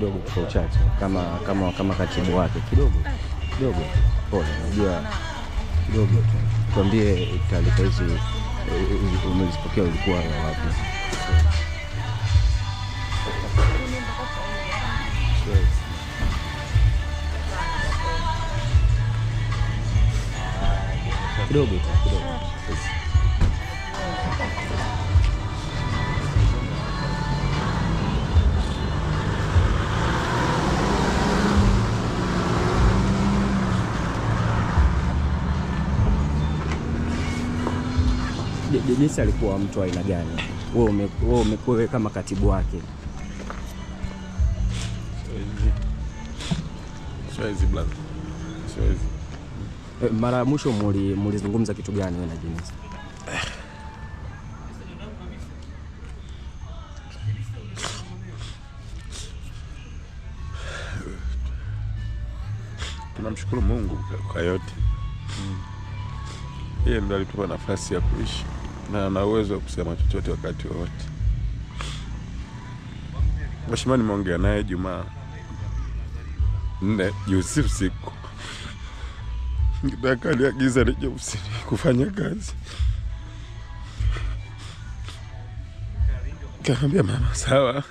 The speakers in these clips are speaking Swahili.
kidogo kwa uchache kama, kama, kama katibu wake kidogo kidogo, pole, najua kidogo tu. Tuambie taarifa hizi eh, umezipokea, ulikuwa wapi? kidogo tu Denisi alikuwa mtu wa aina gani? Wewe wewe kama katibu wake? Siwezi blaza, siwezi. Eh, mara ya mwisho mulizungumza kitu gani wewe na Denisi? Tunamshukuru Mungu kwa yote. Hmm. Yeye mm, ndiye alitupa nafasi ya kuishi na ana uwezo wa kusema chochote wakati wowote. Mheshimiwa nimeongea naye Jumaa nne juzi usiku, kitaka aliagiza nije ofisini kufanya kazi, kaambia mama sawa,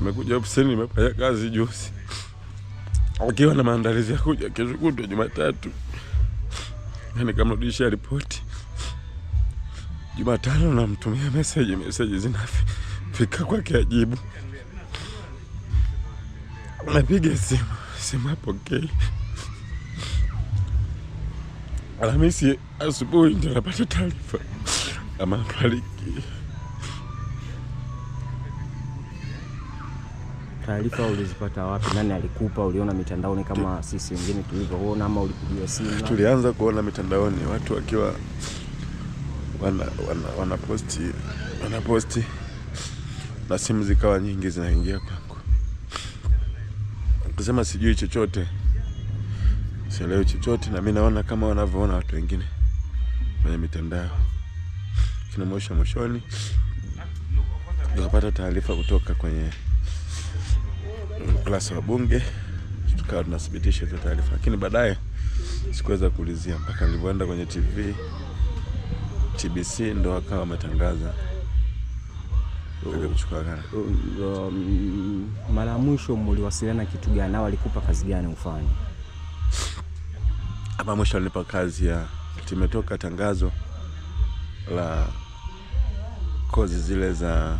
nimekuja ofisini nimefanya kazi juzi, akiwa na maandalizi ya kuja kesho kutwa Jumatatu, nikamrudisha ripoti Jumatano namtumia meseji, meseji zinafika kwake ajibu. Napiga simu, simu hapokei. Alhamisi asubuhi ndio napata taarifa amefariki. Taarifa ulizipata wapi? Nani alikupa? Uliona mitandaoni kama sisi wengine tulivyoona, ama ulikupigia simu? Tulianza kuona mitandaoni watu wakiwa wanaposti wana, wana wanaposti na simu zikawa nyingi zinaingia kwangu, kusema sijui chochote, sielewi chochote, na mi naona kama wanavyoona watu wengine kwenye mitandao kina mwisho mwishoni tukapata taarifa kutoka kwenye klasi wa Bunge, tukawa tunathibitisha hizo taarifa, lakini baadaye sikuweza kuulizia mpaka nilivyoenda kwenye TV. TBC ndo wakawa wametangaza um, mara ya mwisho mliwasiliana kitu gani na walikupa kazi gani ufanye? Hapa mwisho alinipa kazi ya, timetoka tangazo la kozi zile za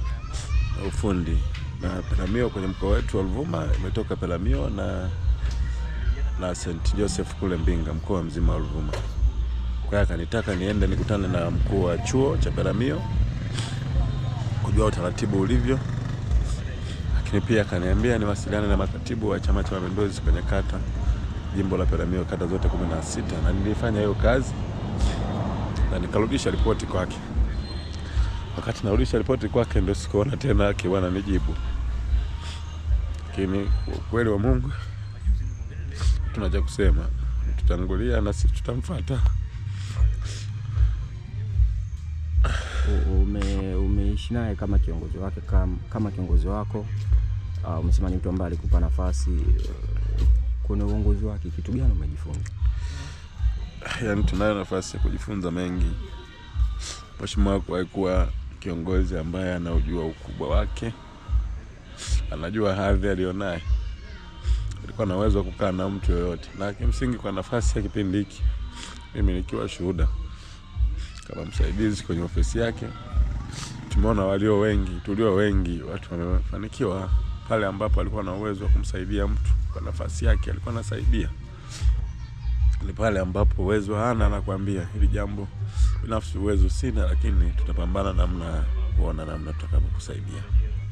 ufundi na Pelamio kwenye mkoa wetu wa Ruvuma, imetoka Pelamio na na St Joseph kule Mbinga, mkoa mzima wa Ruvuma. Kwa hiyo akanitaka niende nikutane na mkuu wa chuo cha Peramiho kujua utaratibu ulivyo, lakini pia akaniambia niwasiliane na makatibu wa Chama cha Mapinduzi kwenye kata jimbo la Peramiho, kata zote kumi na sita, na nilifanya hiyo kazi na nikarudisha ripoti kwake. Wakati narudisha ripoti kwake, ndio sikuona tena yake bwana nijibu, lakini ukweli wa Mungu tunacha kusema, tutangulia na sisi tutamfuata. ume, umeishi naye kama kiongozi wake kama, kama kiongozi wako uh, umesema ni mtu ambaye alikupa nafasi uh, kuna uongozi wake, kitu gani umejifunza? Yani tunayo nafasi ya kujifunza mengi. Mheshimiwa wako alikuwa kiongozi ambaye anaujua ukubwa wake, anajua hadhi alionaye, alikuwa na uwezo wa kukaa na mtu yoyote, na kimsingi kwa nafasi ya kipindi hiki mimi nikiwa shuhuda kama msaidizi kwenye ofisi yake. Tumeona walio wengi tulio wengi watu wamefanikiwa pale ambapo alikuwa na uwezo wa kumsaidia mtu kwa nafasi yake, alikuwa anasaidia. Ni pale ambapo uwezo hana, anakuambia hili jambo binafsi uwezo sina, lakini tutapambana namna kuona namna tutakavyokusaidia.